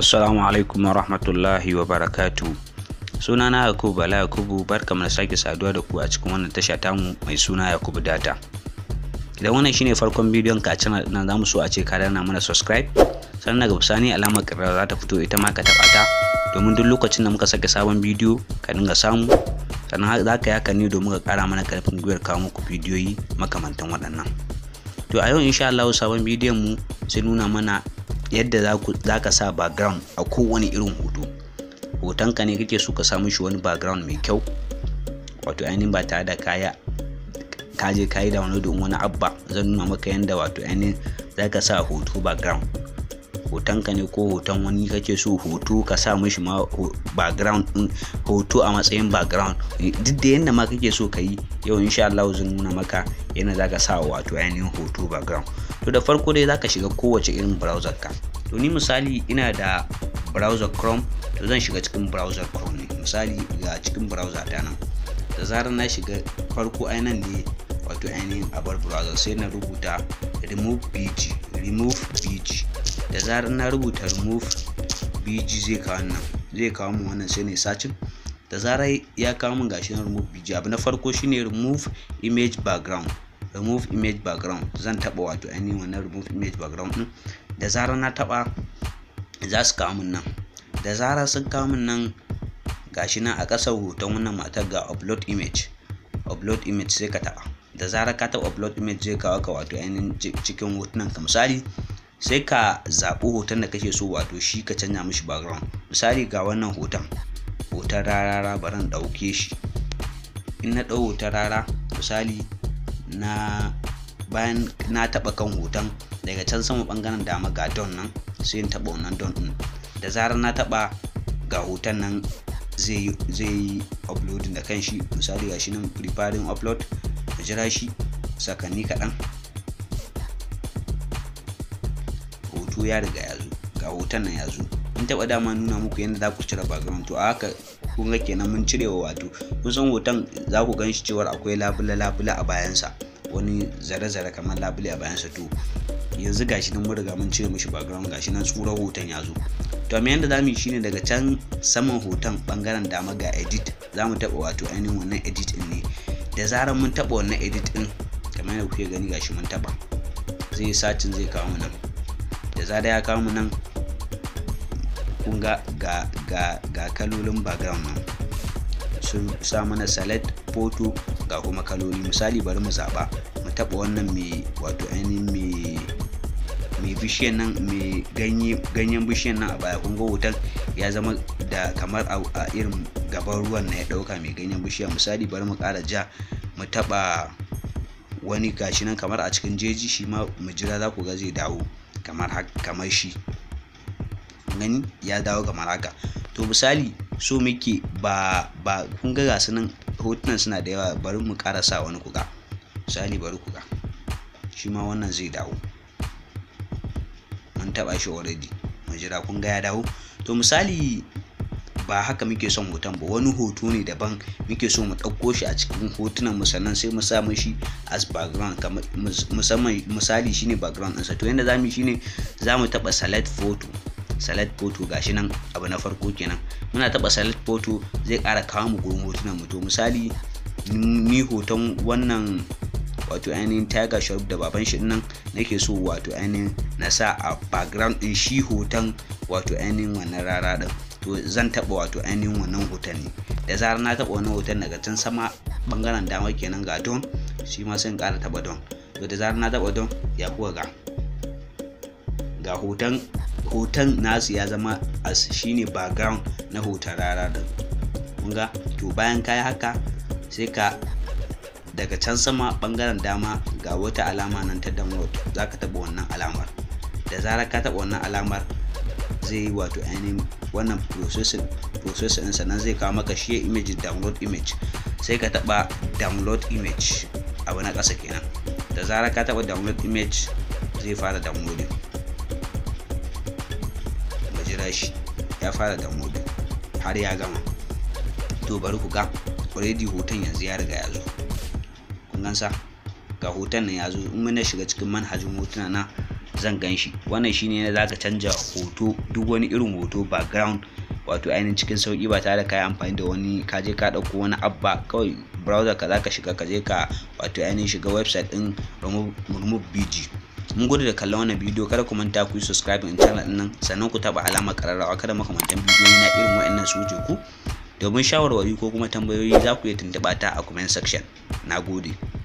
assalamu alaikum wa rahmatullahi wa barakatu sunana yakubu bala yakubu barka da sake saduwa da ku a cikin wannan tasha mu mai suna yakubu data idan wannan shine farkon bidiyon ka can na zamu so a ce ka dana mana subscribe sannan daga bisani alamar karara za ta fito ita ma ka taɓa ta domin duk lokacin da muka sake sabon bidiyo ka dinga samu sannan za ka yi haka ne domin ka kara mana karfin gwiwar kawo muku bidiyoyi makamantan waɗannan to a yau insha Allah sabon bidiyon mu sai nuna mana yadda za ka sa background a kowane irin hoto hotonka ne kake so ka samu shi wani background mai kyau wato ainihin ba tare da kaya ka je ka yi domin wani abba zan nuna maka yadda wato ainihin za ka sa hoto background hotonka ne ko hoton wani kake so hoto ka sa mishi ma background din hoto a matsayin background eh, duk da yanda ma kake so ka yi yau insha Allah zan nuna maka yana zaka sa wato ainihin hoto background to da farko dai zaka shiga kowace irin browser ka to ni misali ina da browser chrome to zan shiga cikin browser chrome ne misali ga cikin browser ta nan da zarar na shiga farko ainihin ne wato ainihin abar browser sai na rubuta remove pg remove pg da zarar na rubuta remove bg zai kawo nan zai kawo mu wannan sai ne searching da zarar ya kawo mun gashi na remove bg abu na farko shine remove image background remove image background zan taba wato ainihin wannan remove image background din da zarar na taba za su kawo mun nan da zarar sun kawo mun nan gashi nan a ƙasar hoton wannan matar ga upload image upload image sai ka taba da zarar ka taɓa upload image zai kawo ka wato ainihin cikin hotunan ka misali sai ka zaɓi hoton da kake so wato shi ka canja mishi background misali ga wannan hoton hoton rarara baran ɗauke shi in na ɗau hoton rara misali na bayan na taɓa kan hoton daga can sama ɓangaren dama ga don nan sai in taɓa wannan don ɗin da zarar na taɓa ga hoton nan zai yi uploading da kanshi misali ga shi nan preparing upload ka jira shi sakanni kaɗan ya riga ya zo ga hoton nan ya zo in taɓa dama nuna muku yadda za ku cire background to a haka kun ga kenan mun cire wa wato kun san hoton za ku gan shi cewar akwai labule labule a bayansa wani zare zare kamar labule a bayansa to yanzu gashi nan mun riga mun cire mishi background gashi nan tsurar hoton ya zo to amma za zamu yi shine daga can saman hoton bangaren dama ga edit zamu taɓa wato ainihin wannan edit din ne da zarar mun taba wannan edit din kamar yadda kuke gani gashi mun taba zai satin zai kawo nan da zada ya kawo mu nan kunga ga ga ga kalolin background nan sun sa mana salad photo ga kuma kaloli misali bari mu zaba mu taba wannan mai wato ainihin mai mai bishiyan nan mai ganyen bishiyan nan a baya kun ga hotel ya zama da kamar a irin gaban ruwan na ya dauka mai ganyen bishiya misali bari mu kara ja mu taba wani gashi nan kamar a cikin jeji shi ma mu jira za ku ga zai dawo kamar kamar shi gani ya dawo kamar haka to misali so muke ba ba kun ga gasu nan hotunan suna da yawa bari mu ƙara sa wani kuka misali bari kuka shi ma wannan zai dawo mun taɓa shi already mu jira kun ga ya dawo to misali ba haka muke son hoton ba wani hoto ne daban muke so mu ɗauko shi a cikin hotunan mu sannan sai mu sa shi as background kamar musamman misali shine background ɗinsa to yanda zamu shine zamu taɓa select photo select photo gashi nan abu na farko kenan muna taɓa select photo zai ƙara kawo mu gurin hotunan mu to misali ni hoton wannan wato ainihin tiger shark da baban shi nan nake so wato ainihin na sa a background din shi hoton wato ainihin wannan rara din to zan taɓa wato ainihin wannan hoton ne da zarar na taɓa wannan hoton daga can sama bangaren dama kenan ga don shi ma sun ƙara taɓa don to da zarar na taɓa don ya kuwa ga ga hoton hoton nasu ya zama as shine background na hoton rara da ga to bayan kayi haka sai ka daga can sama bangaren dama ga wata alama nan ta download za ka taɓa wannan alamar da zarar ka taɓa wannan alamar zai yi wato ainihin wannan processing processing nan zai kawo maka shi image download image sai ka taba download image abu na ƙasa kenan da zara ka taba download image zai fara downloading mu shi ya fara downloading har ya gama to bari ku ga already hoton yanzu ya riga ya zo kun gansa ga hoton nan ya zo in muna shiga cikin manhajin hotuna na zan gan shi wannan shine ne za ka canja hoto duk wani irin hoto background wato ainihin cikin sauki ba tare da ka yi amfani da wani ka je ka dauko wani app ba kawai browser ka za ka shiga ka je ka wato ainihin shiga website ɗin remove bg mun gode da kallon wannan bidiyo kada ku manta ku yi subscribe in channel din nan sannan ku taba alamar ƙararrawa kada makamantan bidiyoyi na irin waɗannan su wuce ku domin shawarwari ko kuma tambayoyi za ku iya tuntuɓa ta a comment section na gode